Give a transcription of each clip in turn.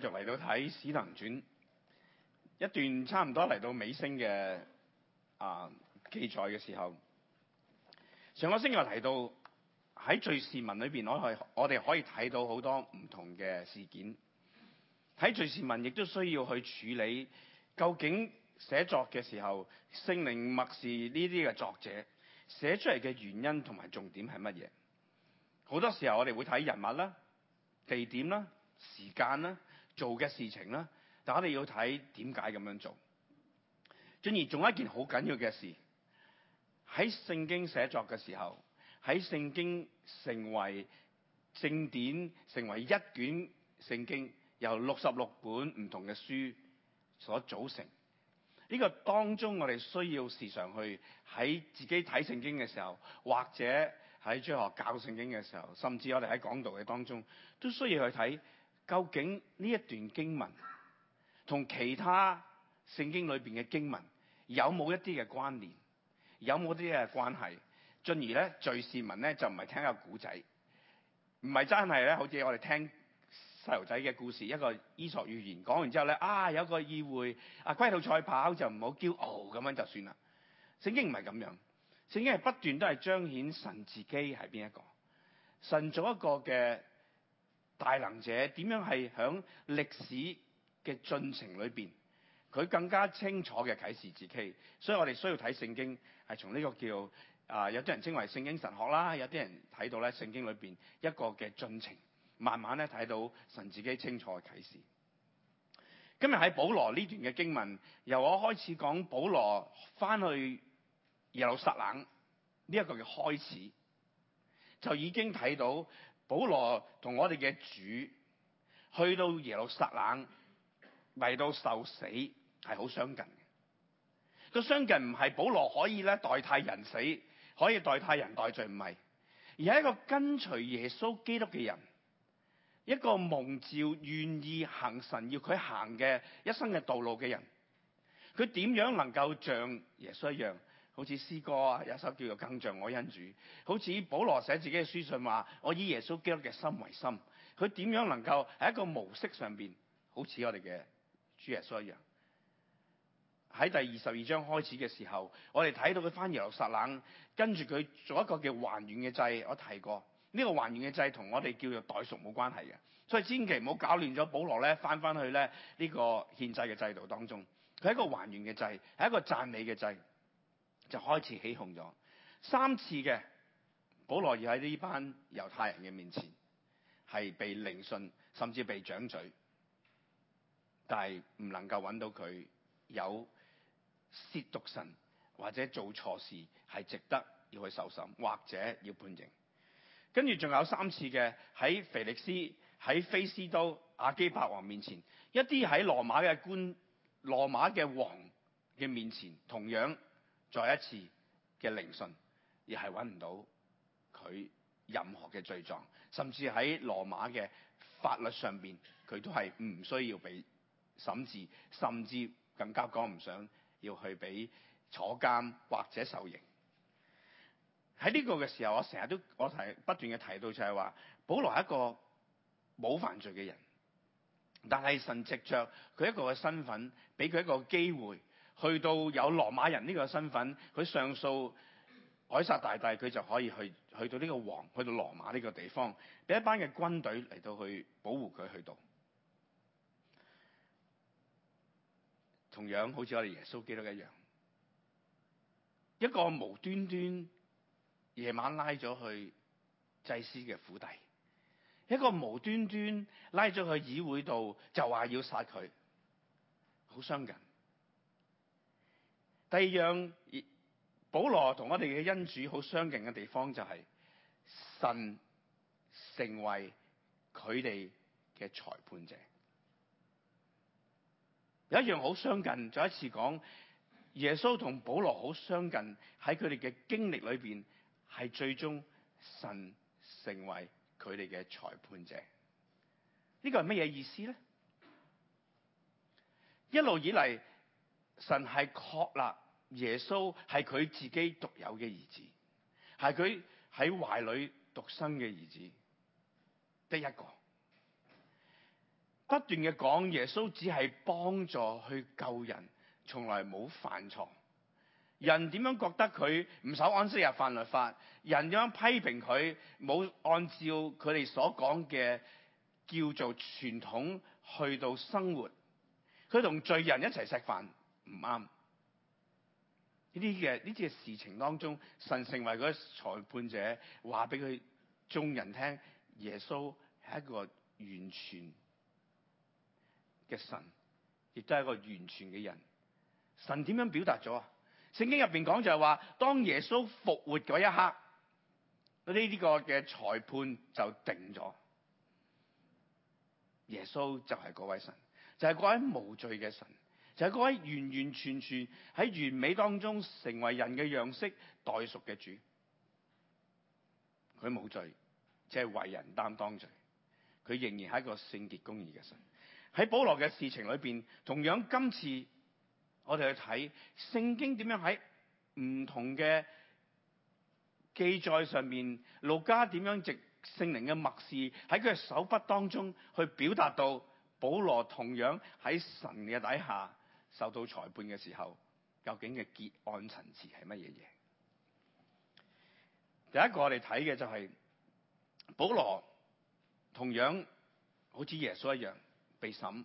繼續嚟到睇《使徒行傳》一段差唔多嚟到尾聲嘅啊記載嘅時候，上個星期我提到喺敘事文裏面我，我我哋可以睇到好多唔同嘅事件。喺敘事文亦都需要去處理，究竟寫作嘅時候聖靈默示呢啲嘅作者寫出嚟嘅原因同埋重點係乜嘢？好多時候我哋會睇人物啦、啊、地點啦、啊、時間啦、啊。做嘅事情啦，但我哋要睇點解咁樣做。進而仲有一件好緊要嘅事，喺聖經寫作嘅時候，喺聖經成為正典，成為一卷聖經，由六十六本唔同嘅書所組成。呢、這個當中我哋需要時常去喺自己睇聖經嘅時候，或者喺中學教聖經嘅時候，甚至我哋喺講道嘅當中，都需要去睇。究竟呢一段經文同其他聖經裏邊嘅經文有冇一啲嘅關聯，有冇一啲嘅關，關係？進而咧，敘事文咧就唔係聽一個古仔，唔係真係咧，好似我哋聽細路仔嘅故事，一個伊索寓言講完之後咧，啊有一個議會啊，龜兔賽跑就唔好驕傲咁樣就算啦。聖經唔係咁樣，聖經係不斷都係彰顯神自己係邊一個，神做一個嘅。大能者點樣係響歷史嘅進程裏邊，佢更加清楚嘅啟示自己，所以我哋需要睇聖經，係從呢個叫啊，有啲人稱為聖經神學啦，有啲人睇到咧，聖經裏邊一個嘅進程，慢慢咧睇到神自己清楚嘅啟示。今日喺保羅呢段嘅經文，由我開始講保羅翻去耶路撒冷呢一個嘅開始，就已經睇到。保羅同我哋嘅主去到耶路撒冷，嚟到受死係好相近嘅。個相近唔係保羅可以咧代替人死，可以代替人代罪，唔係，而係一個跟隨耶穌基督嘅人，一個蒙召願意行神要佢行嘅一生嘅道路嘅人，佢點樣能夠像耶穌一樣？好似詩歌啊，有一首叫做《更像我恩主》。好似保羅寫自己嘅書信話，我以耶穌基督嘅心為心。佢點樣能夠喺一個模式上邊，好似我哋嘅主耶穌一樣？喺第二十二章開始嘅時候，我哋睇到佢翻耶路撒冷，跟住佢做一個叫還原嘅祭。我提過呢個還原嘅祭同我哋叫做代贖冇關係嘅，所以千祈唔好搞亂咗。保羅咧翻翻去咧呢個獻祭嘅制度當中，佢係一個還原嘅祭，係一個讚美嘅祭。就開始起哄咗三次嘅保羅，要喺呢班猶太人嘅面前係被聆訊，甚至被掌嘴，但係唔能夠揾到佢有褻瀆神或者做錯事係值得要去受審或者要判刑。跟住仲有三次嘅喺腓力斯、喺菲斯都、亞基帕王面前，一啲喺羅馬嘅官、羅馬嘅王嘅面前，同樣，再一次嘅聆訊，而係揾唔到佢任何嘅罪狀，甚至喺羅馬嘅法律上邊，佢都係唔需要俾審視，甚至更加講唔上要去俾坐監或者受刑。喺呢個嘅時候，我成日都我係不斷嘅提到就是，就係話，保羅係一個冇犯罪嘅人，但係神藉着佢一個嘅身份，俾佢一個機會。去到有羅馬人呢個身份，佢上訴凱撒大帝，佢就可以去去到呢個王，去到羅馬呢個地方，俾一班嘅軍隊嚟到去保護佢去到。同樣好似我哋耶穌基督一樣，一個無端端夜晚拉咗去祭司嘅府邸，一個無端端拉咗去議會度就話要殺佢，好傷人。第二樣，保羅同我哋嘅恩主好相近嘅地方就係、是，神成為佢哋嘅裁判者。有一樣好相近，再一次講耶穌同保羅好相近，喺佢哋嘅經歷裏邊，係最終神成為佢哋嘅裁判者。呢個係乜嘢意思咧？一路以嚟。神係確立耶穌係佢自己獨有嘅兒子，係佢喺懷裏獨生嘅兒子，嘅一個不斷嘅講耶穌只係幫助去救人，從來冇犯錯。人點樣覺得佢唔守安息日犯律法？人點樣批評佢冇按照佢哋所講嘅叫做傳統去到生活？佢同罪人一齊食飯。唔啱！呢啲嘅呢啲嘅事情當中，神成為個裁判者，話俾佢眾人聽耶穌係一個完全嘅神，亦都係一個完全嘅人。神點樣表達咗啊？聖經入邊講就係話當耶穌復活嗰一刻，呢啲個嘅裁判就定咗。耶穌就係位神，就係嗰位無罪嘅神。就係、是、嗰位完完全全喺完美當中成為人嘅樣式，代贖嘅主，佢冇罪，即係為人擔當罪。佢仍然係一個聖潔公義嘅神。喺保羅嘅事情裏邊，同樣今次我哋去睇聖經點樣喺唔同嘅記載上面，路加點樣藉聖靈嘅默示喺佢嘅手筆當中去表達到保羅同樣喺神嘅底下，受到裁判嘅時候，究竟嘅結案層次係乜嘢嘢？第一個我哋睇嘅就係、是、保羅同樣好似耶穌一樣被審。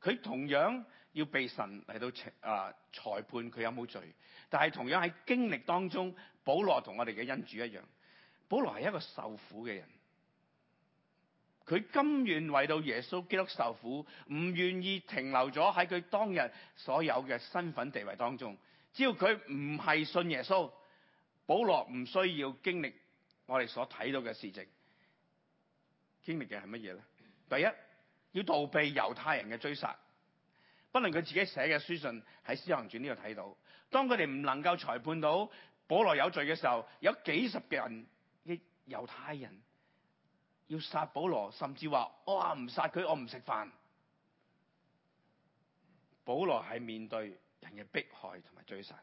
佢同樣要被神嚟到啊、呃、裁判佢有冇罪，但係同樣喺經歷當中，保羅同我哋嘅恩主一樣，保羅係一個受苦嘅人。佢甘願為到耶穌基督受苦，唔願意停留咗喺佢當日所有嘅身份地位當中。只要佢唔係信耶穌，保羅唔需要經歷我哋所睇到嘅事情。經歷嘅係乜嘢咧？第一要逃避猶太人嘅追殺，不論佢自己寫嘅書信喺《使徒行傳》呢度睇到。當佢哋唔能夠裁判到保羅有罪嘅時候，有幾十嘅人嘅猶太人，要殺保羅，甚至話：哦，我唔殺佢，我唔食飯。保羅係面對人嘅迫害同埋追殺，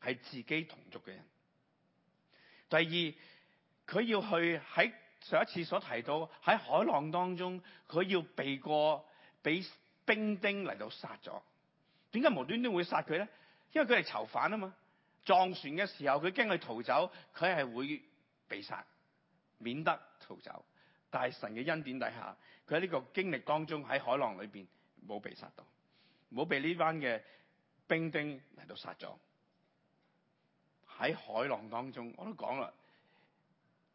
係自己同族嘅人。第二，佢要去喺上一次所提到喺海浪當中，佢要避過俾兵丁嚟到殺咗。點解無端端會殺佢咧？因為佢係囚犯啊嘛。撞船嘅時候，佢驚佢逃走，佢係會被殺，免得逃走。大神嘅恩典底下，佢喺呢個經歷當中，喺海浪裏邊冇被殺到，冇被呢班嘅兵丁嚟到殺咗。喺海浪當中，我都講啦，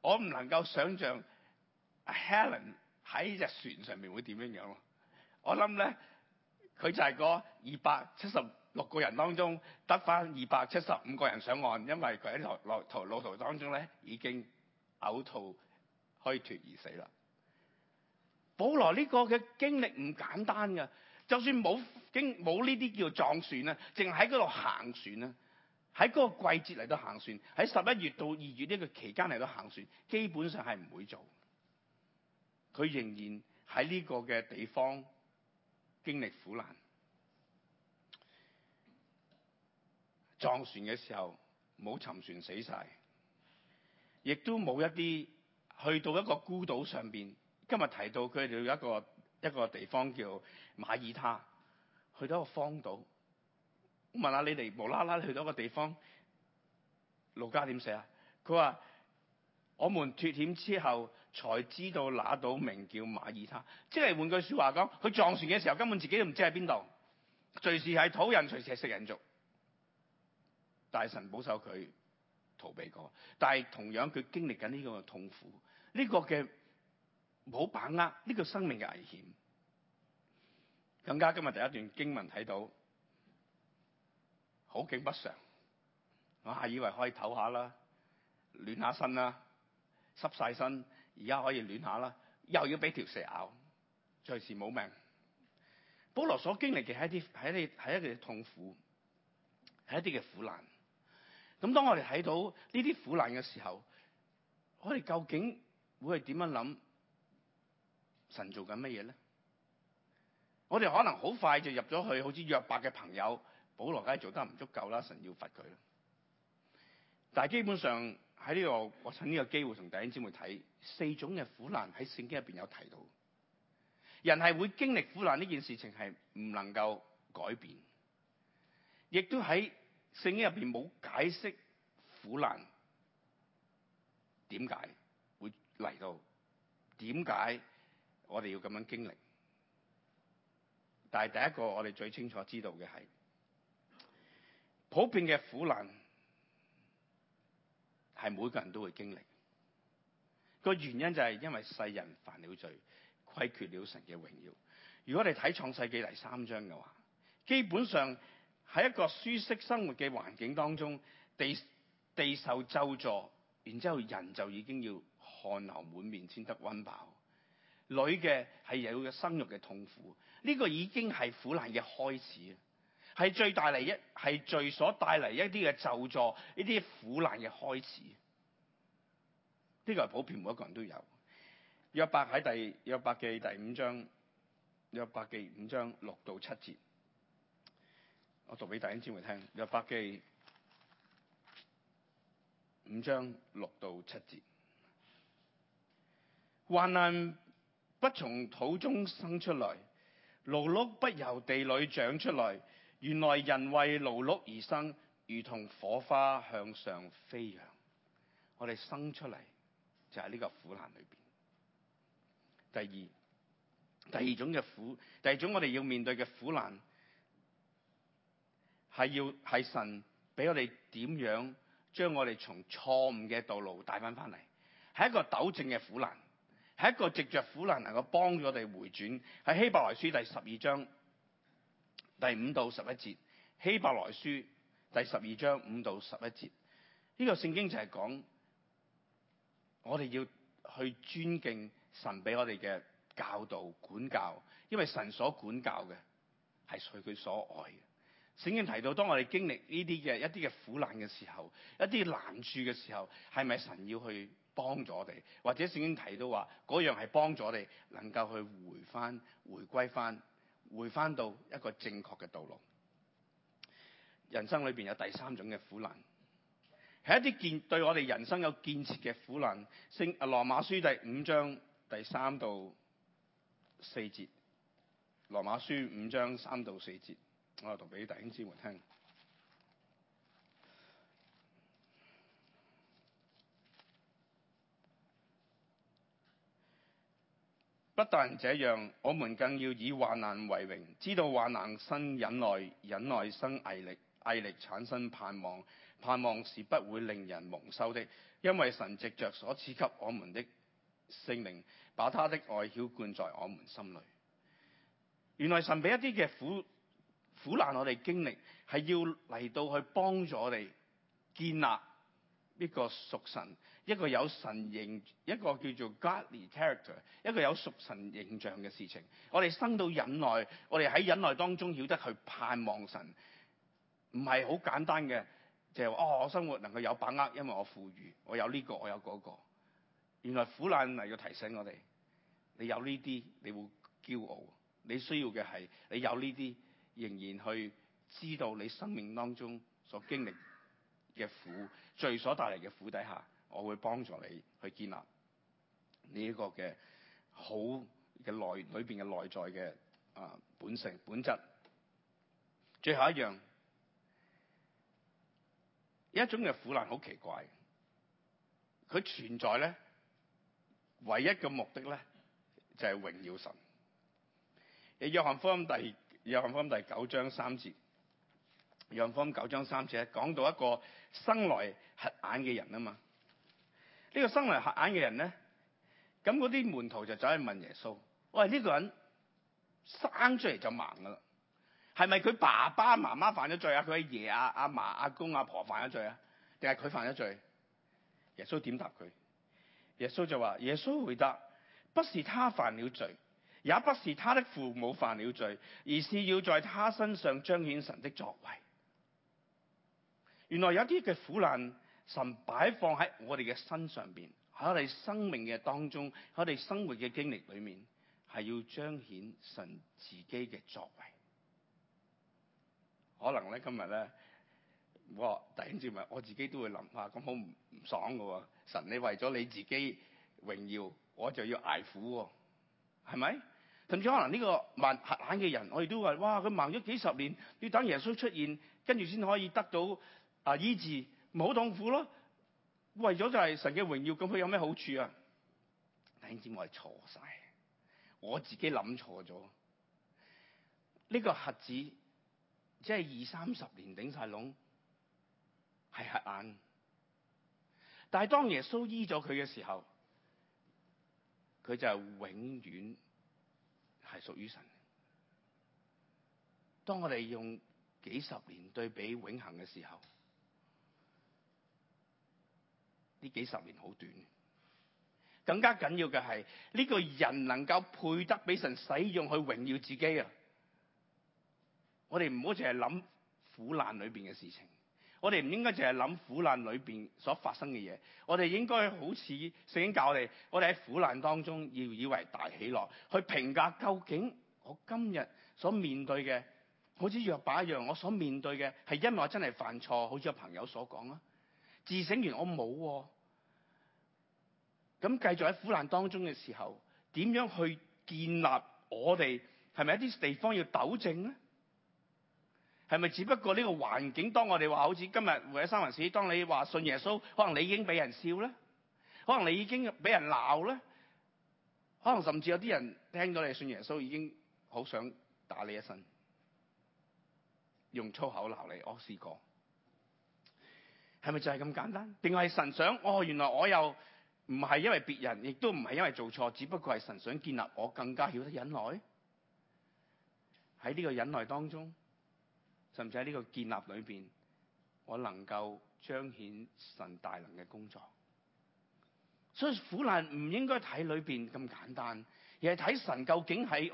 我唔能夠想象 Helen 喺隻船上面會點樣樣咯。我諗咧，佢就係個二百七十六個人當中得返二百七十五個人上岸，因為佢喺途路途當中咧已經嘔吐。可以脫而死啦！保羅呢個嘅經歷唔簡單嘅，就算冇經冇呢啲叫撞船啦，淨喺嗰度行船啦，喺嗰個季節嚟到行船，喺十一月到二月呢個期間嚟到行船，基本上係唔會做。佢仍然喺呢個嘅地方經歷苦難，撞船嘅時候冇沉船死晒，亦都冇一啲。去到一個孤島上面，今日提到佢哋有一個一個地方叫馬爾他，去到一個荒島。問下你哋無啦啦去到一個地方，盧家點寫啊？佢話：我們脱險之後才知道那島名叫馬爾他。即係換句話說話講，佢撞船嘅時候根本自己都唔知喺邊度。隨時係土人，隨時係食人族。但神保守佢逃避過，但係同樣佢經歷緊呢個痛苦。呢個嘅冇把握，呢個生命嘅危險，更加今日第一段經文睇到，好景不常，我係以為可以唞下啦，暖下身啦，濕晒身，而家可以暖下啦，又要俾條蛇咬，隨時冇命。保羅所經歷嘅係一啲，係一啲，係一啲痛苦，係一啲嘅苦難。咁當我哋睇到呢啲苦難嘅時候，我哋究竟會係點樣諗？神做緊乜嘢咧？我哋可能好快就入咗去，好似約伯嘅朋友，保羅梗係做得唔足夠啦，神要罰佢啦。但係基本上喺呢個，我趁呢個機會同弟兄姊妹睇四種嘅苦難，喺聖經入邊有提到，人係會經歷苦難呢件事情係唔能夠改變，亦都喺聖經入邊冇解釋苦難點解。為什麼嚟到點解我哋要咁樣經歷？但係第一個，我哋最清楚知道嘅係普遍嘅苦難係每個人都會經歷。個原因就係因為世人犯了罪，虧缺了神嘅榮耀。如果你睇創世記第三章嘅話，基本上喺一個舒適生活嘅環境當中，地地受咒詛，然之後人就已經要。汗流滿面先得溫飽，女嘅係有嘅生育嘅痛苦，呢、這個已經係苦難嘅開始，係最大嚟，一係罪所帶嚟一啲嘅咒詛，呢啲苦難嘅開始，呢、這個係普遍每一個人都有。約伯喺第約伯記第五章約伯記五章六到七節，我讀俾大家先會聽約伯記五章六到七節。患難不從土中生出來，勞碌不由地裏長出來。原來人為勞碌而生，如同火花向上飛揚。我哋生出嚟就係呢個苦難裏邊。第二，第二種嘅苦，第二種我哋要面對嘅苦難，係要係神俾我哋點樣將我哋從錯誤嘅道路帶翻翻嚟，係一個糾正嘅苦難。係一個藉着苦難能夠幫咗我哋回轉，喺希伯來書第十二章第五到十一節，希伯來書第十二章五到十一節，呢個聖經就係講我哋要去尊敬神俾我哋嘅教導管教，因為神所管教嘅係隨佢所愛嘅。聖經提到，當我哋經歷呢啲嘅一啲嘅苦難嘅時候，一啲難處嘅時候，係咪神要去？幫咗我哋，或者聖經提到話樣係幫助咗我哋，能夠去回翻、回歸翻、回翻到一個正確嘅道路。人生裏邊有第三種嘅苦難，係一啲建對我哋人生有建設嘅苦難。聖羅馬書第五章第三到四節，羅馬書五章三到四節，我讀俾弟兄姊妹聽。不但這樣，我們更要以患難為榮，知道患難生忍耐，忍耐生毅力，毅力產生盼望。盼望是不會令人蒙羞的，因為神藉着所賜給我們的聖靈，把他的愛澆灌在我們心裏，原來神俾一啲嘅苦苦難我哋經歷，係要嚟到去幫助我哋建立呢個屬神。一個有神形，一個叫做 godly character，一個有屬神形象嘅事情。我哋生到忍耐，我哋喺忍耐當中曉得去盼望神，唔係好簡單嘅，就係話，哦，我生活能夠有把握，因為我富裕，我有呢個，我有嗰個。原來苦難嚟要提醒我哋，你有呢啲，你會驕傲。你需要嘅係你有呢啲，仍然去知道你生命當中所經歷嘅苦，罪所帶嚟嘅苦底下。我會幫助你去建立呢一個嘅好嘅內裏邊嘅內在嘅啊本性本質。最後一樣，一種嘅苦難好奇怪，佢存在咧，唯一嘅目的咧就係榮耀神。誒，約翰福音第約翰福音第九章三節，約翰福音九章三節咧講到一個生來瞎眼嘅人啊嘛。呢、這個生來瞎眼嘅人咧，咁嗰啲門徒就走去問耶穌：，喂，呢、這個人生出嚟就盲噶啦，係咪佢爸爸媽媽犯咗罪啊？佢阿爺啊、阿嫲、阿公、阿婆犯咗罪啊？定係佢犯咗罪？耶穌點答佢？耶穌就話：耶穌回答，不是他犯了罪，也不是他的父母犯了罪，而是要在他身上彰顯神的作為。原來有啲嘅苦難。神擺放喺我哋嘅身上邊，喺我哋生命嘅當中，喺我哋生活嘅經歷裏面，係要彰顯神自己嘅作為。可能咧，今日咧，我突然之間我自己都會諗下：咁好唔唔爽噶。神，你為咗你自己榮耀，我就要挨苦喎，係咪？甚至可能呢個盲瞎眼嘅人，我哋都話哇，佢盲咗幾十年，要等耶穌出現，跟住先可以得到啊醫治。唔好痛苦咯！為咗就係神嘅榮耀，咁佢有咩好處啊？但係點知我係錯晒，我自己諗錯咗。呢、這個瞎子即係二三十年頂晒籠，係瞎眼。但係當耶穌醫咗佢嘅時候，佢就永遠係屬於神。當我哋用幾十年對比永恆嘅時候，呢幾十年好短，更加緊要嘅係呢個人能夠配得俾神使用去榮耀自己啊！我哋唔好淨係諗苦難裏面嘅事情，我哋唔應該淨係諗苦難裏面所發生嘅嘢，我哋應該好似聖經教我哋，我哋喺苦難當中要以為大喜樂，去評價究竟我今日所面對嘅，好似約伯一樣，我所面對嘅係因為我真係犯錯，好似有朋友所講啊！自省完我冇啊，咁繼續喺苦難當中嘅時候，點樣去建立我哋？係咪一啲地方要糾正咧？係咪只不過呢個環境？當我哋話好似今日會喺三藩市，當你話信耶穌，可能你已經俾人笑咧，可能你已經俾人鬧咧，可能甚至有啲人聽到你信耶穌已經好想打你一身，用粗口鬧你，我試過。係咪就係咁簡單？定係神想？哦，原來我又唔係因為別人，亦都唔係因為做錯，只不過係神想建立我更加曉得忍耐。喺呢個忍耐當中，甚至喺呢個建立裏邊，我能夠彰顯神大能嘅工作。所以苦難唔應該睇裏邊咁簡單，而係睇神究竟喺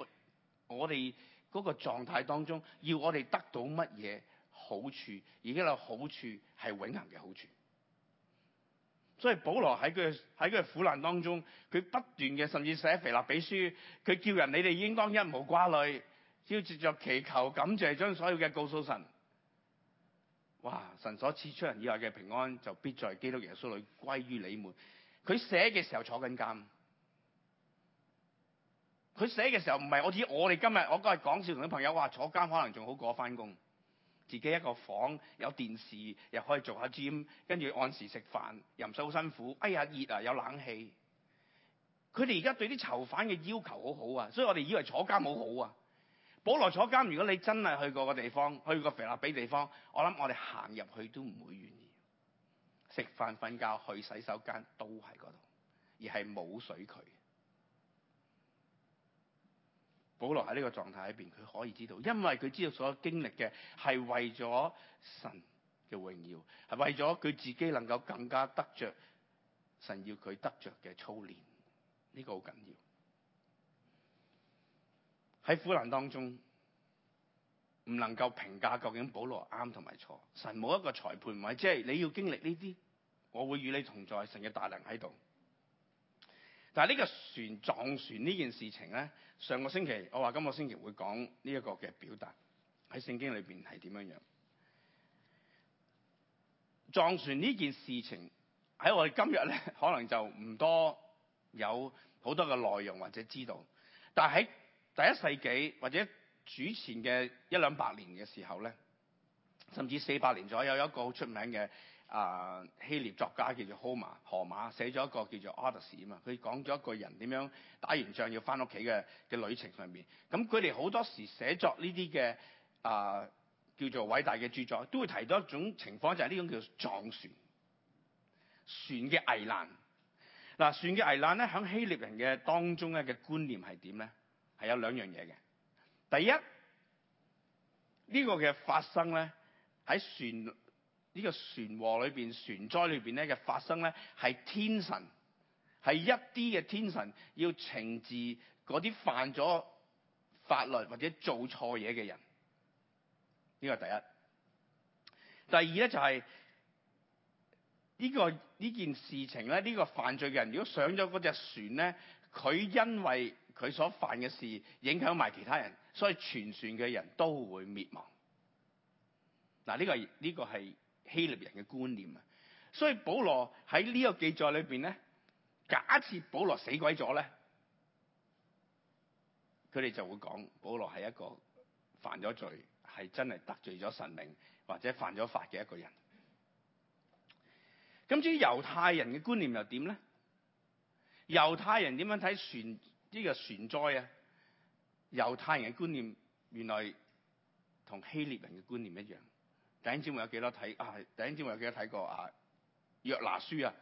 我哋嗰個狀態當中，要我哋得到乜嘢。好處，而家有好處，係永恒嘅好處，所以保羅喺佢喺佢嘅苦難當中，佢不斷嘅甚至寫腓立比書，佢叫人你哋應當一無掛慮，要藉著祈求感謝將所有嘅告訴神。哇！神所賜出人以外嘅平安就必在基督耶穌裏歸於你們。佢寫嘅時候在坐緊監，佢寫嘅時候唔係我知我哋今日我今日講笑同啲朋友話坐監可能仲好過返工。自己一個房，有電視，又可以做下 gym，跟住按時食飯，又唔使好辛苦。哎呀，熱啊，有冷氣。佢哋而家對啲囚犯嘅要求好好啊，所以我哋以為坐監好好啊。保羅坐監，如果你真係去過個地方，去過腓立比地方，我諗我哋行入去都唔會願意。食飯、瞓覺、去洗手間都喺嗰度，而係冇水渠。保羅喺呢個狀態裏邊，佢可以知道，因為佢知道所有經歷嘅係為咗神嘅榮耀，係為咗佢自己能夠更加得着神要佢得着嘅操練，呢、這個好緊要。喺苦難當中，唔能夠評價究竟保羅啱同埋錯，神冇一個裁判，唔係，即係、就是、你要經歷呢啲，我會與你同在，神的在，神嘅大能喺度。但呢個船撞船呢件事情咧，上個星期我話今個星期會講呢一個嘅表達喺聖經裏面係點樣樣？撞船呢件事情喺我哋今日咧，可能就唔多有好多嘅內容或者知道。但係喺第一世紀或者主前嘅一兩百年嘅時候咧，甚至四百年左右有一個好出名嘅。啊！希臘作家叫做 Homer，荷馬寫咗一個叫做《Odyssey》啊嘛，佢講咗一個人點樣打完仗要翻屋企嘅嘅旅程上面。咁佢哋好多時寫作呢啲嘅啊叫做偉大嘅著作，都會提到一種情況，就係呢種叫撞船，船嘅危難。嗱，船嘅危難咧，響希臘人嘅當中咧嘅觀念係點咧？係有兩樣嘢嘅。第一，呢個嘅發生咧喺船。呢、這個船禍裏邊、船災裏邊咧嘅發生咧，係天神係一啲嘅天神要懲治嗰啲犯咗法律或者做錯嘢嘅人。呢個係第一。第二咧就係、是、呢、這個呢件、這個、事情咧，呢、這個犯罪嘅人如果上咗嗰隻船咧，佢因為佢所犯嘅事影響埋其他人，所以全船嘅人都會滅亡。嗱、這個，呢、這個呢個係。希臘人嘅觀念啊，所以保羅喺呢個記載裏邊咧，假設保羅死鬼咗咧，佢哋就會講保羅係一個犯咗罪，係真係得罪咗神明或者犯咗法嘅一個人。咁至於猶太人嘅觀念又點咧？猶太人點樣睇船呢個船災啊？猶太人嘅觀念原來同希臘人嘅觀念一樣。第一章我有幾多睇啊？第一章我有幾多睇過啊？約拿書啊，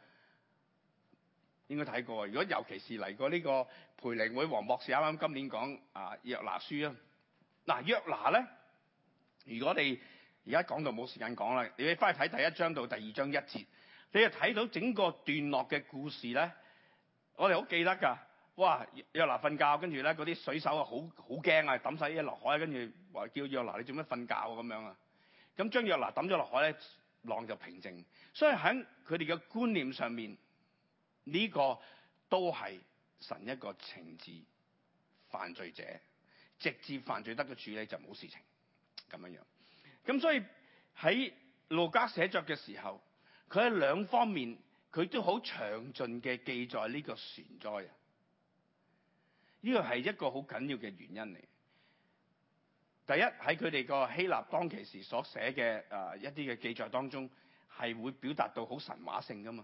應該睇過。如果尤其是嚟過呢個培靈會，黃博士啱啱今年講啊約拿書啊。嗱、啊、約拿咧，如果你而家講到冇時間講啦。你翻去睇第一章到第二章一節，你就睇到整個段落嘅故事咧，我哋好記得㗎。哇！約拿瞓覺，跟住咧嗰啲水手啊，好好驚啊，抌曬啲嘢落海，跟住話叫約拿你做乜瞓覺啊咁樣啊！咁將約拿抌咗落海咧，浪就平靜。所以喺佢哋嘅觀念上面，呢個都係神一個懲治。犯罪者、直接犯罪得嘅處理就冇事情咁樣樣。咁所以喺路加寫作嘅時候，佢喺兩方面佢都好詳盡嘅記載呢個船災。呢個係一個好緊要嘅原因嚟。第一，喺佢哋個希臘當其時所寫嘅一啲嘅記載當中係會表達到好神話性噶嘛，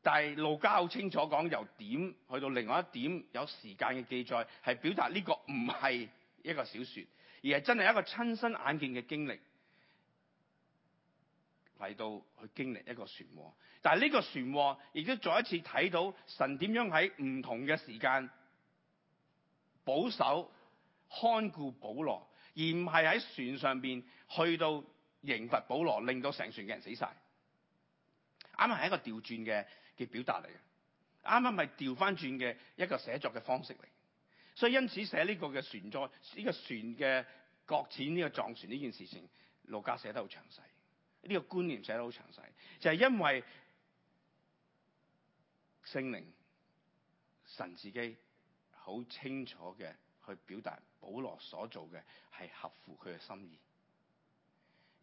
但係路加好清楚講由點去到另外一點有時間嘅記載，係表達呢個唔係一個小說，而係真係一個親身眼見嘅經歷嚟，到去經歷一個船禍，但係呢個船禍亦都再一次睇到神點樣喺唔同嘅時間保守看顧保羅而唔係喺船上邊去到刑罰保羅令到成船嘅人死晒，啱啱係一個調轉嘅嘅表達嚟嘅，啱啱係調翻轉嘅一個寫作嘅方式嚟。所以因此寫呢個嘅船災，呢、這個船嘅擱淺呢個撞船呢件事情，路加寫得好詳細呢個觀念寫得好詳細就係、是、因為聖靈神自己好清楚嘅。去表達保羅所做嘅係合乎佢嘅心意，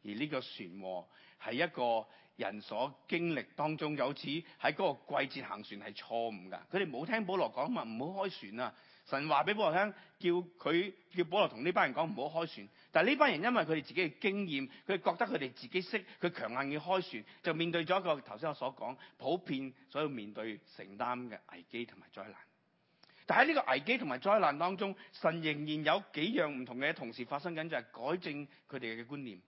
而呢個船禍係一個人所經歷當中有此。喺嗰個季節行船係錯誤㗎。佢哋冇聽保羅講啊唔好開船啊！神話俾保羅聽，叫佢叫保羅同呢班人講唔好開船。但係呢班人因為佢哋自己嘅經驗，佢哋覺得佢哋自己識，佢強硬要開船，就面對咗一個頭先我所講普遍所要面對承擔嘅危機同埋災難。但喺呢個危機同埋災難當中，神仍然有幾樣唔同嘅嘢同時發生緊，就係改正佢哋嘅觀念。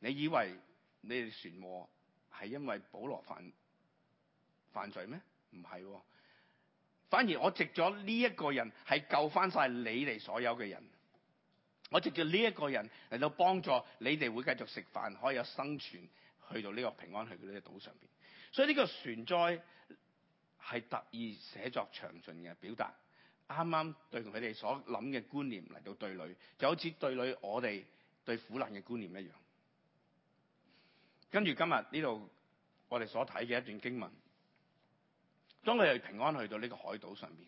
你以為你哋船禍係因為保羅犯犯罪咩？唔係，反而我藉咗呢一個人係救翻晒你哋所有嘅人。我藉住呢一個人嚟到幫助你哋會繼續食飯，可以有生存去到呢個平安去到呢啲島上邊。所以呢個船災。係特意寫作詳盡嘅表達，啱啱對佢哋所諗嘅觀念嚟到對壘，就好似對壘我哋對苦難嘅觀念一樣。跟住今日呢度我哋所睇嘅一段經文，當佢哋平安去到呢個海島上邊，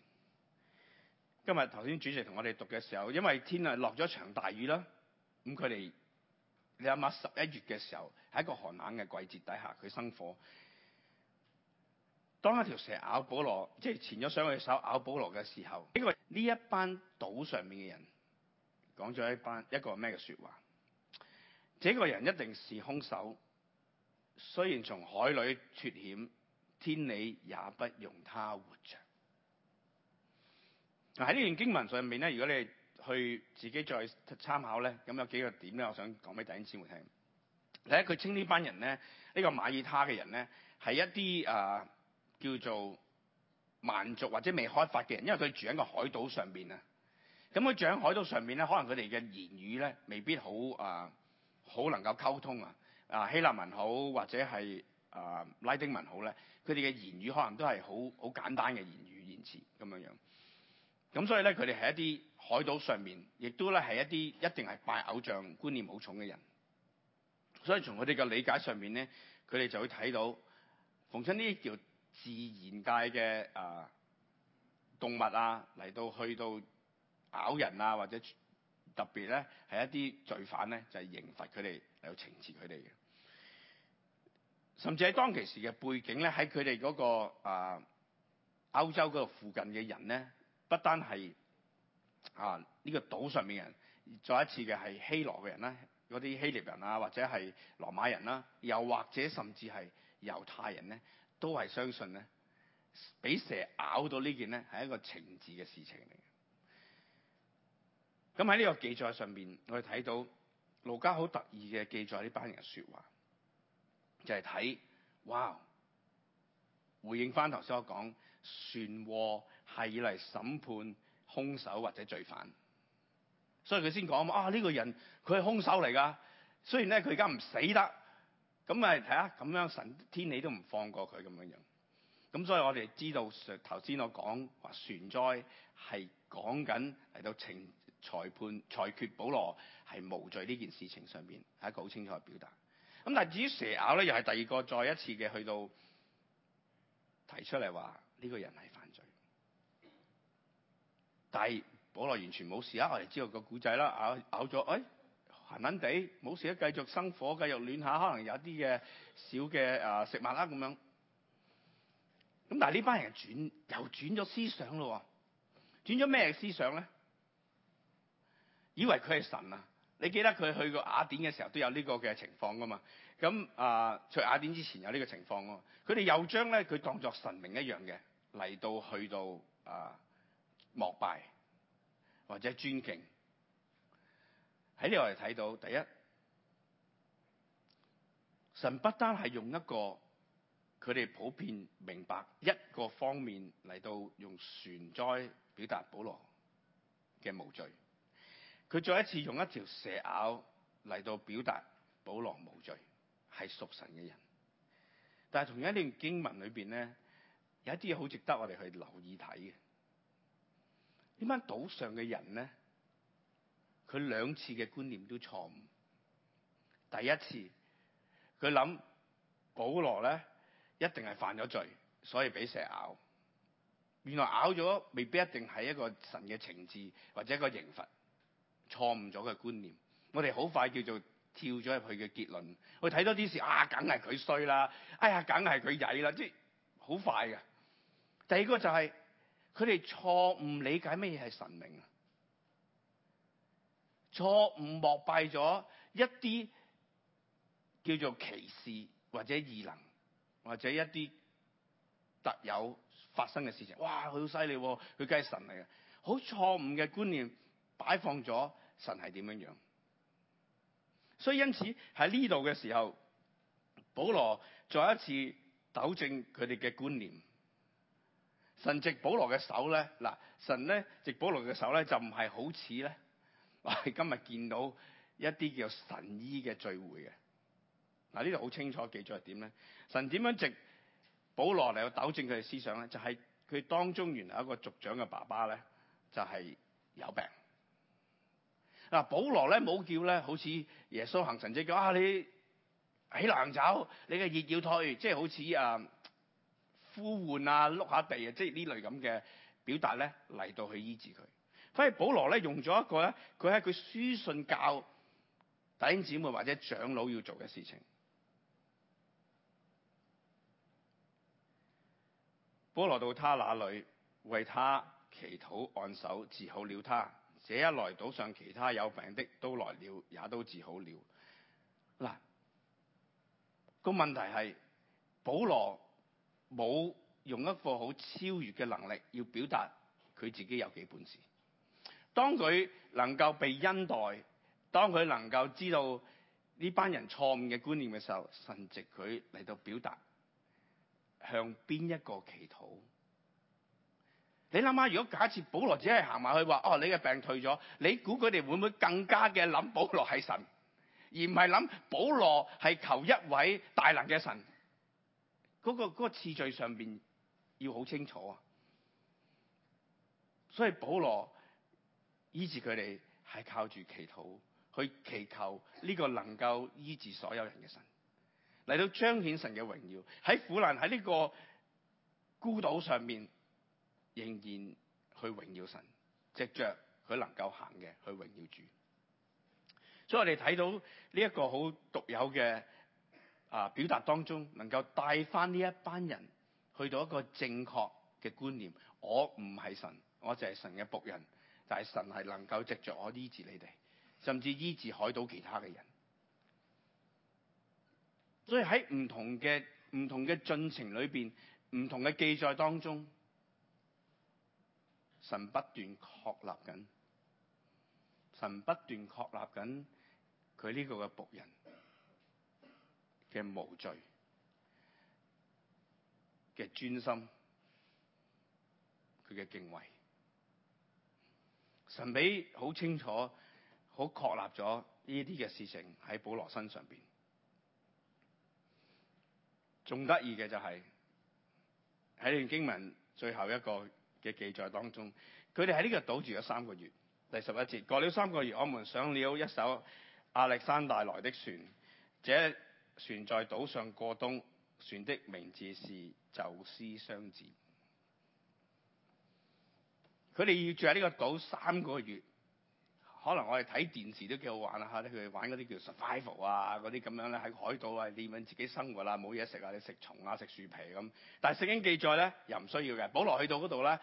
今日頭先主席同我哋讀嘅時候，因為天啊落咗一場大雨啦，咁佢哋，你諗下十一月嘅時候喺一個寒冷嘅季節底下，佢生火。當一條蛇咬保羅，即係前咗上去手咬保羅嘅時候，呢個呢一班島上面嘅人講咗一班一個咩嘅說話？呢個人一定是兇手，雖然從海裏脫險，天理也不容他活着。嗱喺呢段經文上面咧，如果你去自己再參考咧，咁有幾個點咧，我想講俾大家先會聽。第一，佢稱呢班人咧，呢個馬耳他嘅人咧，係一啲啊～、呃叫做蠻族或者未開發嘅人，因為佢住喺個海島上面。啊。咁佢住喺海島上面，咧，可能佢哋嘅言語咧，未必好啊，好、呃、能夠溝通啊。啊，希臘文好或者係啊、呃、拉丁文好咧，佢哋嘅言語可能都係好好簡單嘅言語言詞咁樣樣。咁所以咧，佢哋喺一啲海島上面亦都咧係一啲一定係拜偶像觀念好重嘅人。所以從佢哋嘅理解上面咧，佢哋就會睇到逢親呢條。自然界嘅啊、呃、動物啊嚟到去到咬人啊或者特別咧係一啲罪犯咧就係、是、刑罰佢哋嚟到懲治佢哋嘅。甚至喺當其時嘅背景咧喺佢哋嗰個啊歐、呃、洲嗰度附近嘅人咧，不單係啊呢、這個島上面嘅人，再一次嘅係希羅嘅人啦，嗰啲希臘人啊或者係羅馬人啦、啊，又或者甚至係猶太人咧。都係相信咧，俾蛇咬到呢件咧係一個情字嘅事情嚟嘅。咁喺呢個記載上面，我哋睇到路加好得意嘅記載呢班人嘅說話，就係、是、睇哇，回應翻頭先我講，船禍係以嚟審判凶手或者罪犯，所以佢先講啊呢、這個人佢係凶手嚟噶，雖然咧佢而家唔死得。咁咪睇下，咁樣神天理都唔放過佢咁樣樣，咁所以我哋知道頭先我講話船災係講緊嚟到情裁判裁決保羅係無罪呢件事情上面係一個好清楚嘅表達。咁但係至於蛇咬咧，又係第二個再一次嘅去到提出嚟話呢個人係犯罪，但係保羅完全冇事吖。我哋知道個古仔啦，咬咬咗，哎閒閒地，冇事咧，繼續生火，繼續暖下，可能有啲嘅小嘅啊食物啦咁樣。咁但係呢班人轉又轉咗思想咯，轉咗咩思想咧？以為佢係神啊！你記得佢去過雅典嘅時候都有呢個嘅情況㗎嘛？咁啊，在雅典之前有呢個情況咯。佢哋又將咧佢當作神明一樣嘅嚟到去到啊膜拜或者尊敬。喺呢度我哋睇到，第一，神不單係用一個佢哋普遍明白一個方面嚟到用船災表達保羅嘅無罪，佢再一次用一條蛇咬嚟到表達保羅無罪係屬神嘅人，但係同樣一段經文裏邊咧，有一啲嘢好值得我哋去留意睇嘅，呢班島上嘅人咧。佢兩次嘅觀念都錯誤。第一次，佢諗保羅咧一定係犯咗罪，所以俾蛇咬。原來咬咗未必一定係一個神嘅懲治，或者一個刑罰，錯誤咗嘅觀念，我哋好快叫做跳咗入去嘅結論。我睇到啲事啊，梗係佢衰啦！哎呀，梗係佢曳啦！即係好快㗎。第二個就係佢哋錯誤理解咩嘢係神明啊！錯誤膜拜咗一啲叫做歧視或者異能或者一啲特有發生嘅事情，哇，好犀利喎，佢梗係神嚟嘅。好錯誤嘅觀念擺放咗神係點樣樣，所以因此喺呢度嘅時候，保羅再一次糾正佢哋嘅觀念神，神藉保羅嘅手咧，嗱，神咧藉保羅嘅手咧就唔係好似咧。我哋今日見到一啲叫神醫嘅聚會嘅，嗱呢度好清楚記住係點咧？神點樣藉保羅嚟去糾正佢嘅思想咧？就係、是、佢當中原來一個族長嘅爸爸咧，就係、是、有病。嗱、啊，保羅咧冇叫咧，好似耶穌行神蹟，叫啊你起冷走，你嘅熱要退，即係好似啊呼喚啊碌下地啊，即係呢類咁嘅表達咧嚟到去醫治佢。所以保羅咧，用咗一個咧，佢喺佢書信教弟兄姊妹或者長老要做嘅事情。保羅到他那裡為他祈禱，按手治好了他，這一來島上其他有病的都來了，也都治好了。嗱，個問題係保羅冇用一個好超越嘅能力，要表達佢自己有幾本事。當佢能夠被恩待，當佢能夠知道呢班人錯誤嘅觀念嘅時候，神藉佢嚟到表達向邊一個祈禱。你諗下，如果假設保羅只係行埋去話，哦，你嘅病退咗，你估佢哋會唔會更加嘅諗保羅係神，而唔係諗保羅係求一位大能嘅神？嗰個嗰個次序上面要好清楚啊！所以保羅。醫治佢哋係靠住祈禱，去祈求呢個能夠醫治所有人嘅神嚟到彰顯神嘅榮耀喺苦難喺呢個孤島上面，仍然去榮耀神，藉着佢能夠行嘅去榮耀主。所以我哋睇到呢一個好獨有嘅啊表達當中，能夠帶翻呢一班人去到一個正確嘅觀念：我唔係神，我就係神嘅僕人。但係神係能夠藉着我醫治你哋，甚至醫治海島其他嘅人。所以喺唔同嘅唔同嘅進程裏邊，唔同嘅記載當中，神不斷確立緊，神不斷確立緊佢呢個嘅僕人嘅無罪嘅專心，佢嘅敬畏。神俾好清楚、好確立咗呢啲嘅事情喺保羅身上邊。仲得意嘅就係、是、喺段經文最後一個嘅記載當中，佢哋喺呢個島住咗三個月。第十一節，過了三個月，我們上了一艘亞歷山大來的船，這船在島上過冬，船的名字是宙斯雙子。佢哋要住喺呢個島三個月，可能我哋睇電視都幾好玩啦嚇，佢哋玩嗰啲叫 survival 啊嗰啲咁樣咧，喺海島啊，練緊自己生活啦，冇嘢食啊，你食蟲啊，食樹皮咁。但係聖經記載咧，又唔需要嘅。保羅去到嗰度咧，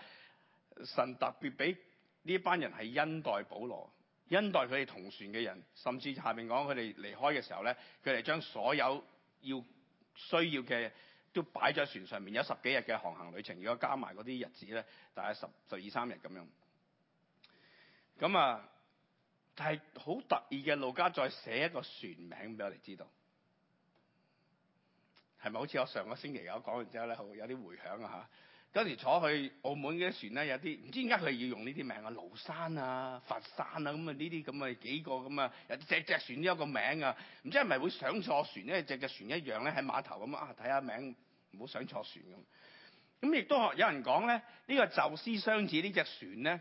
神特別俾呢班人係恩待保羅，恩待佢哋同船嘅人，甚至下面講佢哋離開嘅時候咧，佢哋將所有要需要嘅。都擺咗喺船上面，有十幾日嘅航行旅程。如果加埋嗰啲日子咧，大概十十二三日咁樣。咁啊，但係好特意嘅，路加再寫一個船名俾我哋知道，係咪好似我上個星期有講完之後咧，好有啲迴響啊嚇。嗰時坐去澳門嘅船咧，有啲唔知點解佢要用呢啲名啊，廬山啊、佛山啊咁啊，呢啲咁啊幾個咁啊，有一隻隻船都有個名啊。唔知係咪會上錯船咧？一隻隻船一樣咧，喺碼頭咁啊，睇下名。唔好上錯船咁。咁亦都有人講咧，呢、這個宙斯雙子呢隻船咧，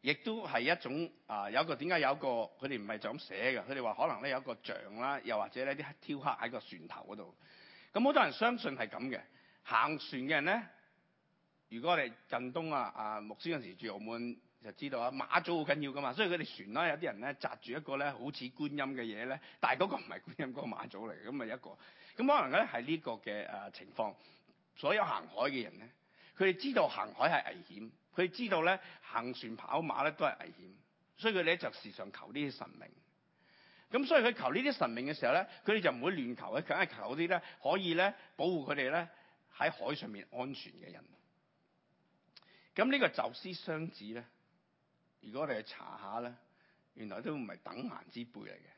亦都係一種啊，有一個點解有一個佢哋唔係就咁寫嘅，佢哋話可能咧有一個像啦，又或者呢啲雕刻喺個船頭嗰度。咁好多人相信係咁嘅，行船嘅人咧，如果我哋近東啊啊，牧師陣時住澳門就知道啊，馬祖好緊要噶嘛，所以佢哋船啦，有啲人咧紮住一個咧好似觀音嘅嘢咧，但係嗰個唔係觀音，嗰個馬祖嚟嘅，咁咪一個。咁可能咧係呢個嘅誒情況，所有行海嘅人咧，佢哋知道行海係危險，佢哋知道咧行船跑馬咧都係危險，所以佢哋就時常求呢啲神明。咁所以佢求呢啲神明嘅時候咧，佢哋就唔會亂求，佢梗係求啲咧可以咧保護佢哋咧喺海上面安全嘅人。咁呢個宙斯雙子咧，如果我哋去查下咧，原來都唔係等閒之輩嚟嘅。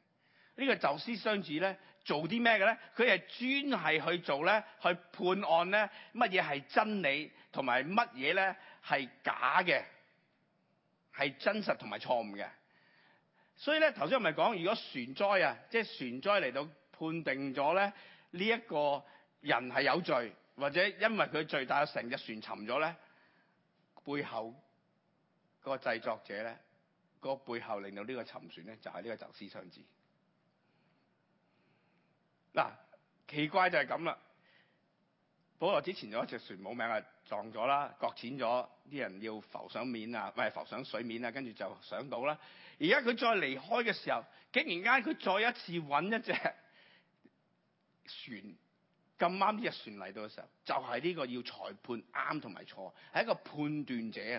呢、這個宙斯雙子咧，做啲咩嘅咧？佢係專係去做咧，去判案咧，乜嘢係真理，同埋乜嘢咧係假嘅，係真實同埋錯誤嘅。所以咧，頭先我咪講，如果船災啊，即係船災嚟到判定咗咧，呢、這、一個人係有罪，或者因為佢罪大成隻船沉咗咧，背後個製作者咧，個背後令到呢個沉船咧，就係呢個宙斯雙子。嗱，奇怪就係咁啦。保羅之前有一隻船冇命啊，撞咗啦，擱淺咗，啲人要浮上面啊，喂，浮上水面啊，跟住就上到啦。而家佢再離開嘅時候，竟然間佢再一次揾一隻船，咁啱呢隻船嚟到嘅時候，就係、是、呢個要裁判啱同埋錯，係一個判斷者啊。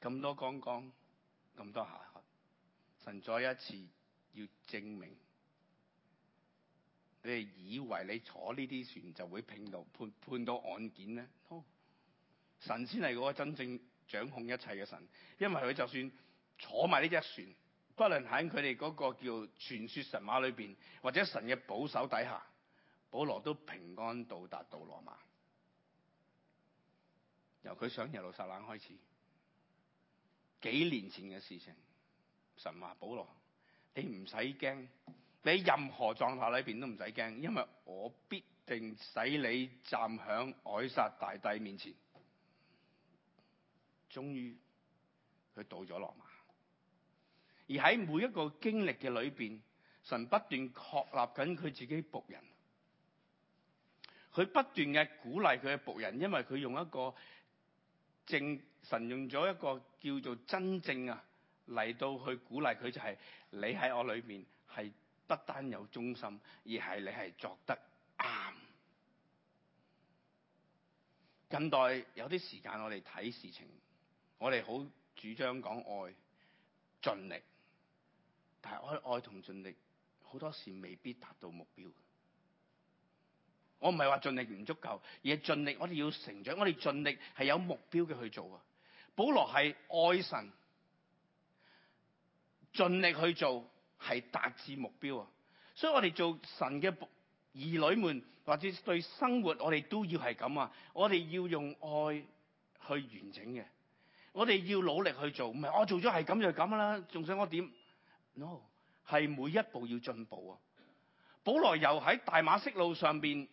咁多剛剛，咁多下下，神再一次。要證明你係以為你坐呢啲船就會拼到，判判到案件咧、哦？神先係嗰個真正掌控一切嘅神。因為佢就算坐埋呢隻船，不論喺佢哋嗰個叫傳説神話裏邊，或者神嘅保守底下，保羅都平安到達到羅馬。由佢上耶路撒冷開始，幾年前嘅事情，神話保羅。你唔使驚，你任何狀態裏邊都唔使驚，因為我必定使你站喺凱撒大帝面前。終於，佢到咗羅馬。而喺每一個經歷嘅裏邊，神不斷確立緊佢自己的僕人，佢不斷嘅鼓勵佢嘅僕人，因為佢用一個正神用咗一個叫做真正啊嚟到去鼓勵佢，就係、是。你喺我裏面係不單有忠心，而係你係作得啱。近代有啲時間我哋睇事情，我哋好主張講愛、盡力，但係愛愛同盡力好多時未必達到目標。我唔係話盡力唔足夠，而係盡力我哋要成長，我哋盡力係有目標嘅去做啊！保羅係愛神，盡力去做係達至目標啊！所以我哋做神嘅兒女們，或者對生活，我哋都要係咁啊！我哋要用愛去完整嘅，我哋要努力去做，唔係我做咗係咁就咁啦，仲想我點？No，係每一步要進步啊！保羅由喺大馬色路上邊，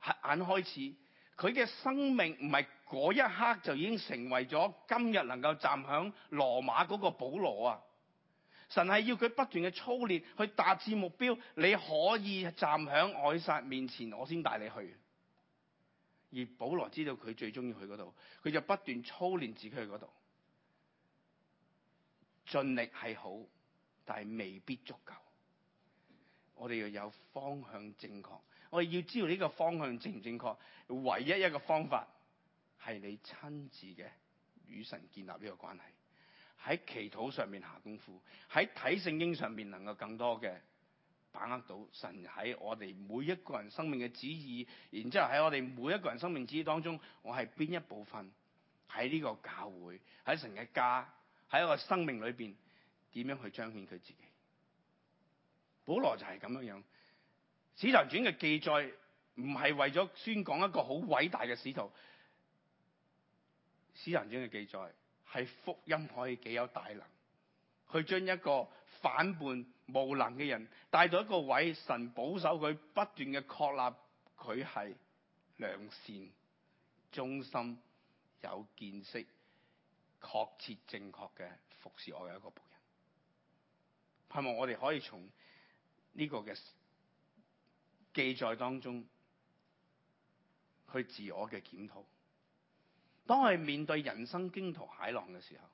係眼開始佢嘅生命唔係。嗰一刻就已經成為咗今日能夠站響羅馬嗰個保羅啊！神係要佢不斷嘅操練去達至目標，你可以站響該撒面前，我先帶你去。而保羅知道佢最中意去嗰度，佢就不斷操練自己去嗰度。盡力係好，但係未必足夠。我哋要有方向正確，我哋要知道呢個方向正唔正確，唯一一個方法。係你親自嘅與神建立呢個關係，喺祈禱上面下功夫，喺睇聖經上面能夠更多嘅把握到神喺我哋每一個人生命嘅旨意，然之後喺我哋每一個人生命旨意當中，我係邊一部分？喺呢個教會、喺神嘅家、喺我生命裏邊，點樣去彰顯佢自己？保羅就係咁樣樣。使徒傳嘅記載唔係為咗宣講一個好偉大嘅使徒。使徒行傳中嘅記載，係福音可以幾有大能，去將一個反叛無能嘅人帶到一個位，神保守佢不斷嘅確立佢係良善、忠心、有見識、確切正確嘅服侍我嘅一個僕人。盼望我哋可以從呢個嘅記載當中去自我嘅檢討。當我哋面對人生驚濤駭浪嘅時候，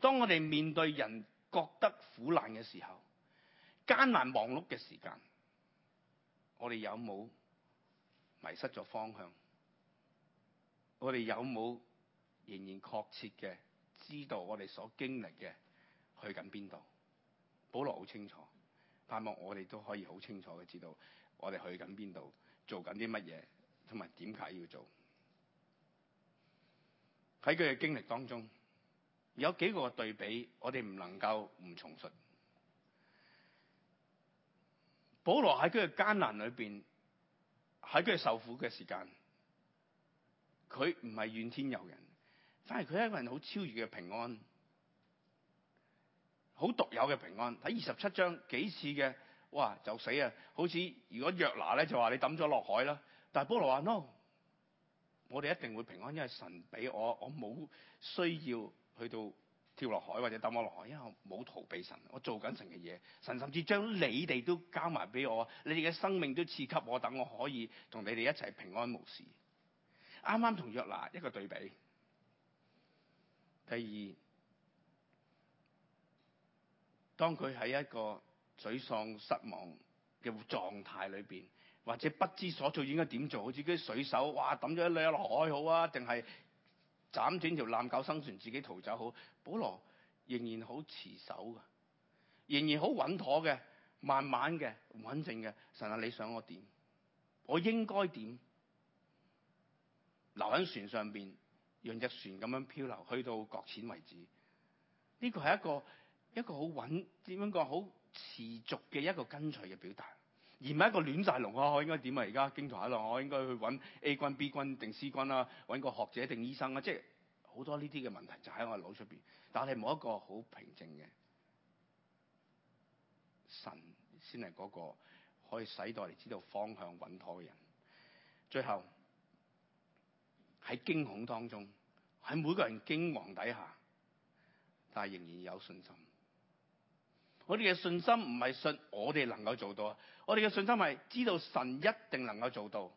當我哋面對人覺得苦難嘅時候，艱難忙碌嘅時間，我哋有冇迷失咗方向？我哋有冇仍然確切嘅知道我哋所經歷嘅去緊邊度？保羅好清楚，盼望我哋都可以好清楚嘅知道我哋去緊邊度，做緊啲乜嘢，同埋點解要做。喺佢嘅經歷當中，有幾個對比，我哋唔能夠唔重述。保羅喺佢嘅艱難裏邊，喺佢受苦嘅時間，佢唔係怨天尤人，反而佢係一個人好超越嘅平安，好獨有嘅平安。喺二十七章幾次嘅，哇就死啊！好似如果約拿咧就話你抌咗落海啦，但係保羅話 no。我哋一定會平安，因為神俾我，我冇需要去到跳落海或者抌我落海，因為我冇逃避神，我做緊神嘅嘢。神甚至將你哋都交埋俾我，你哋嘅生命都賜給我，等我可以同你哋一齊平安無事。啱啱同約拿一個對比。第二，當佢喺一個沮喪失望嘅狀態裏邊。或者不知所措，應該點做好？自己水手，哇，抌咗一一落海好啊？定係斬斷條纜，救生船自己逃走好？保羅仍然好持守嘅，仍然好穩妥嘅，慢慢嘅，穩靜嘅。神啊，你想我點，我應該點？留喺船上邊，讓隻船咁樣漂流，去到擱淺為止。呢個係一個一個好穩，點樣講？好持續嘅一個跟隨嘅表達。而唔係一個亂晒龍啊！我應該點啊？而家驚台喺度，我應該去揾 A 君、B 君定 C 君啦，揾個學者定醫生啊！即係好多呢啲嘅問題，就喺我嘅腦出邊。但係冇一個好平靜嘅神，先係嗰個可以使到我知道方向穩妥嘅人。最後喺驚恐當中，喺每個人驚惶底下，但係仍然有信心。我哋嘅信心唔係信我哋能夠做到。我哋嘅信心係知道神一定能夠做到，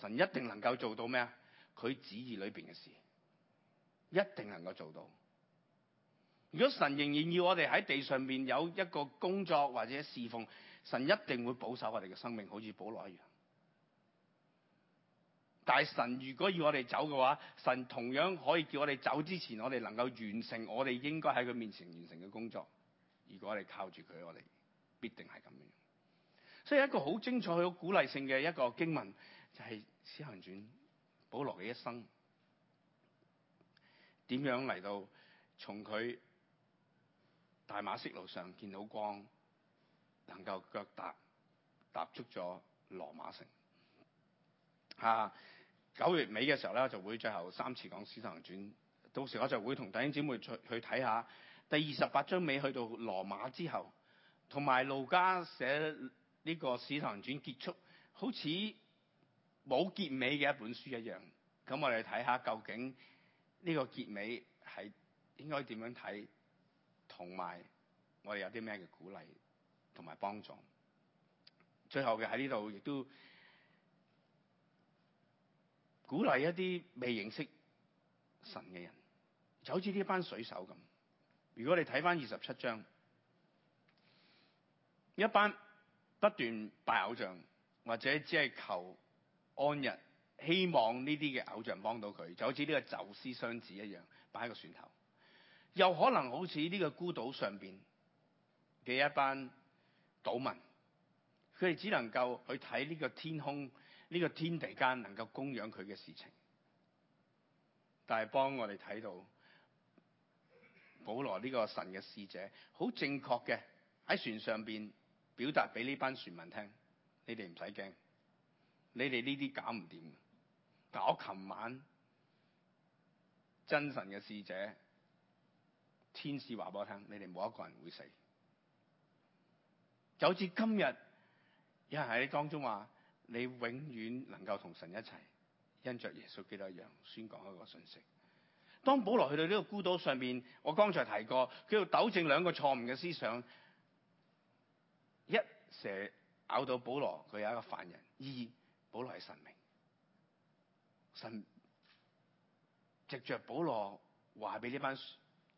神一定能夠做到咩啊？佢旨意裏邊嘅事一定能夠做到。如果神仍然要我哋喺地上面有一個工作或者侍奉，神一定會保守我哋嘅生命，好似保羅一樣。但係神如果要我哋走嘅話，神同樣可以叫我哋走之前，我哋能夠完成我哋應該喺佢面前完成嘅工作。如果我哋靠住佢，我哋必定係咁樣。所以一個好精彩、好鼓勵性嘅一個經文，就係《使徒行傳》，保羅嘅一生點樣嚟到，從佢大馬色路上見到光，能夠腳踏踏足咗羅馬城。啊，九月尾嘅時候咧，就會最後三次講《使徒行傳》，到時我就會同弟兄姊妹出去睇下。第二十八章尾去到羅馬之後，同埋路加寫呢個使徒行傳結束，好似冇結尾嘅一本書一樣，咁我哋睇下究竟呢個結尾係應該點樣睇，同埋我哋有啲咩嘅鼓勵同埋幫助。最後嘅喺呢度亦都鼓勵一啲未認識神嘅人，就好似呢班水手咁。如果你睇翻二十七章，一班不斷拜偶像，或者只係求安逸、希望呢啲嘅偶像幫到佢，就好似呢個宙斯雙子一樣，擺喺個船頭；又可能好似呢個孤島上面嘅一班島民，佢哋只能夠去睇呢個天空、呢、呢個天地間能夠供養佢嘅事情，但係幫我哋睇到。保羅呢個神嘅使者好正確嘅喺船上邊表達俾呢班船民聽，你哋唔使驚，你哋呢啲搞唔掂。但我琴晚真神嘅使者天使話俾我聽，你哋冇一個人會死。就好似今日有人喺你當中話，你永遠能夠同神一齊，因着耶穌基督一樣，宣講一個信息。當保羅去到呢個孤島上面，我剛才提過，佢要糾正兩個錯誤嘅思想：一蛇咬到保羅，佢係一個犯人；二保羅係神明。神藉着保羅話俾呢班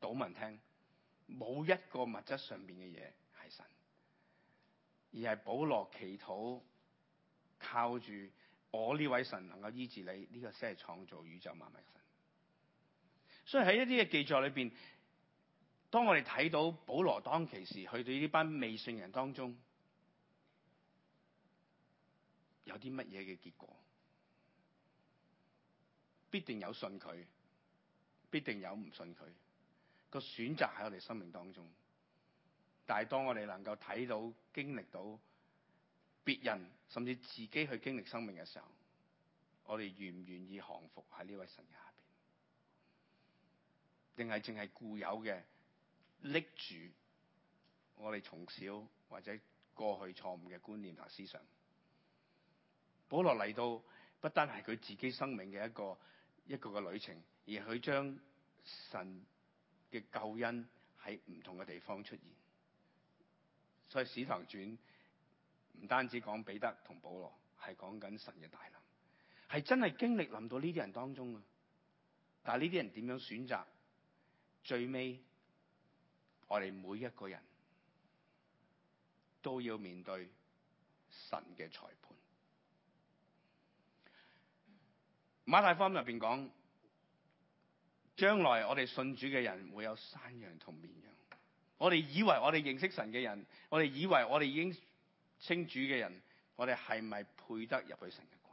島民聽，冇一個物質上面嘅嘢係神，而係保羅祈禱靠住我呢位神能夠醫治你，呢、這個先係創造宇宙萬物。所以喺一啲嘅記載裏邊，當我哋睇到保羅當其時去到呢班未信人當中，有啲乜嘢嘅結果？必定有信佢，必定有唔信佢。個選擇喺我哋生命當中。但係當我哋能夠睇到，經歷到別人甚至自己去經歷生命嘅時候，我哋願唔願意降服喺呢位神下？定係淨係固有嘅拎住我哋從小或者過去錯誤嘅觀念同思想，保羅嚟到不單係佢自己生命嘅一個一個嘅旅程，而佢將神嘅救恩喺唔同嘅地方出現。所以使徒傳唔單止講彼得同保羅，係講緊神嘅大能，係真係經歷臨到呢啲人當中啊！但係呢啲人點樣選擇？最尾，我哋每一個人都要面對神嘅裁判。馬太方入邊講，將來我哋信主嘅人會有山羊同綿羊。我哋以為我哋認識神嘅人，我哋以為我哋已經稱主嘅人，我哋係咪配得入去神嘅國？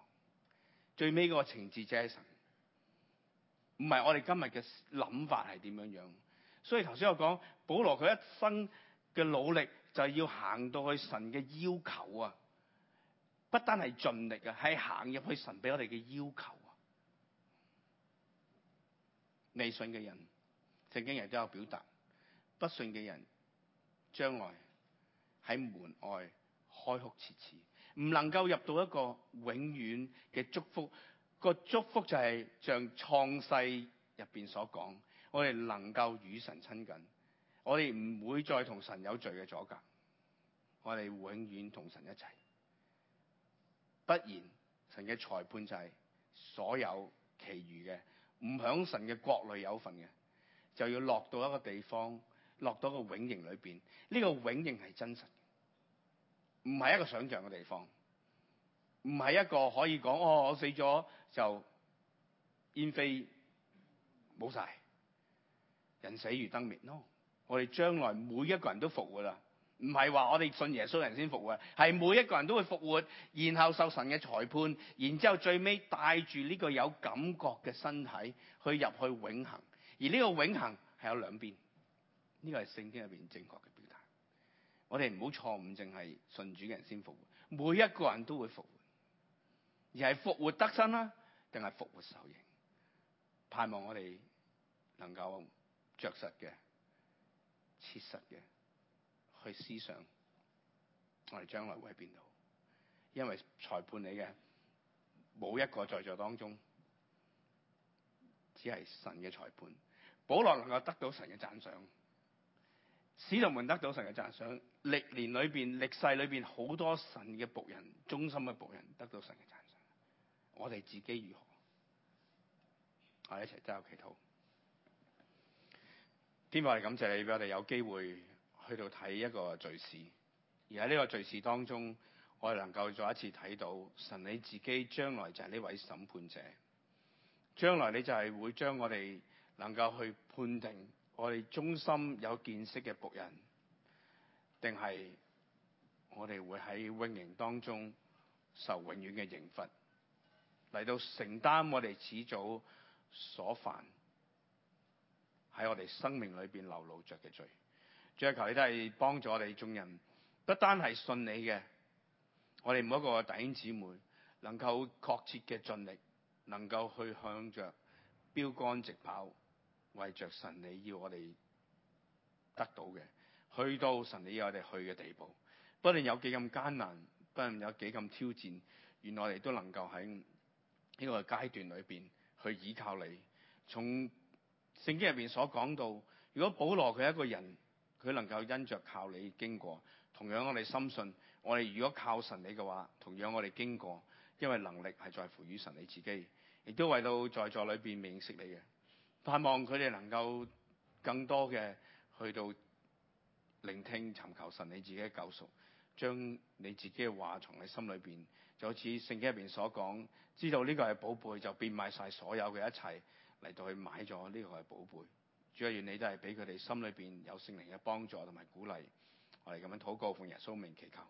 最尾個情節就係神。唔係我哋今日嘅諗法係點樣樣，所以頭先我講保羅佢一生嘅努力就係要行到去神嘅要求啊，不單係盡力啊，係行入去神俾我哋嘅要求啊。未信嘅人，聖經亦都有表達，不信嘅人將來喺門外開哭切齒，唔能夠入到一個永遠嘅祝福。個祝福就係像創世入邊所講，我哋能夠與神親近，我哋唔會再同神有罪嘅阻隔，我哋永遠同神一齊。不然，神嘅裁判就係所有其餘嘅唔響神嘅國內有份嘅，就要落到一個地方，落到個永刑裏邊。呢個永刑係真實，唔係一個想象嘅地方。唔係一個可以講哦，我死咗就煙飛冇晒，人死如燈滅咯。No. 我哋將來每一個人都復活啦，唔係話我哋信耶穌人先復活，係每一個人都會復活，然後受神嘅裁判，然之後最尾帶住呢個有感覺嘅身體去入去永恆。而呢個永恆係有兩邊，呢、呢個係聖經入邊正確嘅表達。我哋唔好錯誤，淨係信主嘅人先復活，每一個人都會復活。而係復活得身啦，定係復活受刑？盼望我哋能夠着實嘅、切實嘅去思想我哋將來會喺邊度？因為裁判你嘅冇一個在座當中，只係神嘅裁判。保羅能夠得到神嘅讚賞，使徒們得到神嘅讚賞，歷年裏邊歷世裏邊好多神嘅僕人、忠心嘅僕人得到神嘅讚賞。我哋自己如何？我哋一齊加入祈禱。天父，我哋感謝你，俾我哋有機會去到睇一個罪事，而喺呢個罪事當中，我哋能夠再一次睇到神你自己將來就係呢位審判者，將來你就係會將我哋能夠去判定我哋忠心有見識嘅僕人，定係我哋會喺永刑當中受永遠嘅刑罰。嚟到承擔我哋始祖所犯喺我哋生命裏面流露著嘅罪，主啊求你都係幫助我哋眾人，不單係信你嘅，我哋每一個弟兄姊妹能夠確切嘅盡力，能夠去向着標竿直跑，為著神你要我哋得到嘅，去到神你要我哋去嘅地步，不論有幾咁艱難，不論有幾咁挑戰，原來我哋都能夠喺。呢、這個階段裏邊，去倚靠你。從聖經入邊所講到，如果保羅佢一個人，佢能夠因着靠你經過，同樣我哋深信，我哋如果靠神你嘅話，同樣我哋經過，因為能力係在乎於神你自己，亦都為到在座裏邊認識你嘅，盼望佢哋能夠更多嘅去到聆聽、尋求神你自己嘅救贖，將你自己嘅話從你心裏邊，就好似聖經入邊所講。知道呢個係寶貝，就變賣晒所有嘅一切嚟到去買咗呢個係寶貝。主啊，願你都係俾佢哋心裏面有聖靈嘅幫助同埋鼓勵，我哋咁樣禱告，奉耶穌名祈求。